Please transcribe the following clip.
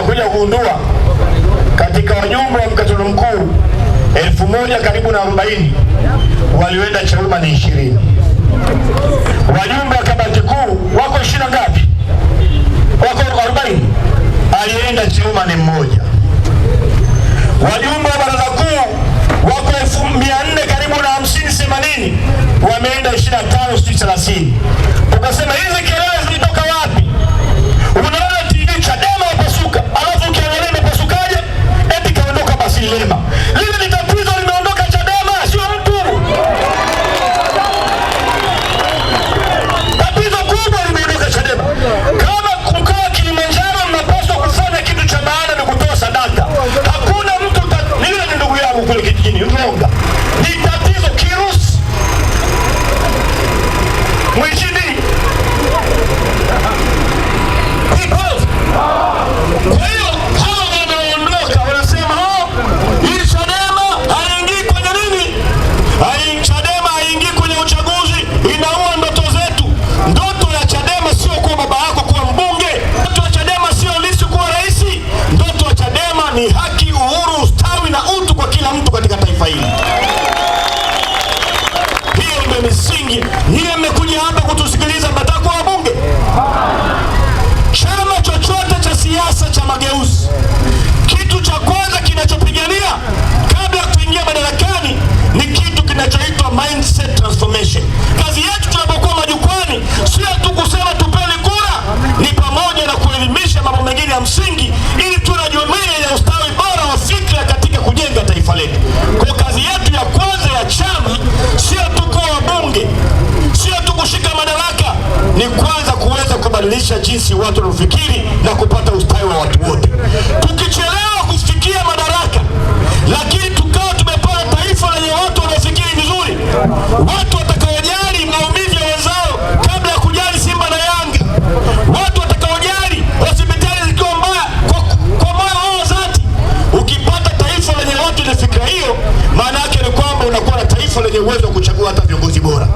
tukakuja kugundua katika wajumbe wa mkutano mkuu elfu moja karibu na arobaini walioenda Chauma ni ishirini. Wajumbe wa kamati kuu wako ishirini ngapi? Wako arobaini. Alienda Chauma ni mmoja. Wajumbe wa baraza kuu wako elfu mia nne karibu na hamsini themanini, wameenda ishirini na tano sijui thelathini. Tukasema hizi kelele pequenininho não dá. E tá dizendo que Quirus? O Edinho kubadilisha jinsi watu wanafikiri na kupata ustawi wa watu wote. Tukichelewa kufikia madaraka, lakini tukawa tumepata taifa lenye watu wanaofikiri vizuri, watu watakaojali maumivu ya wenzao kabla ya kujali Simba na Yanga, watu watakaojali hospitali zikiwa mbaya kwa, kwa moyo wao dhati. Ukipata taifa lenye watu wenye hiyo, maana yake ni kwamba unakuwa na taifa lenye uwezo wa kuchagua hata viongozi bora.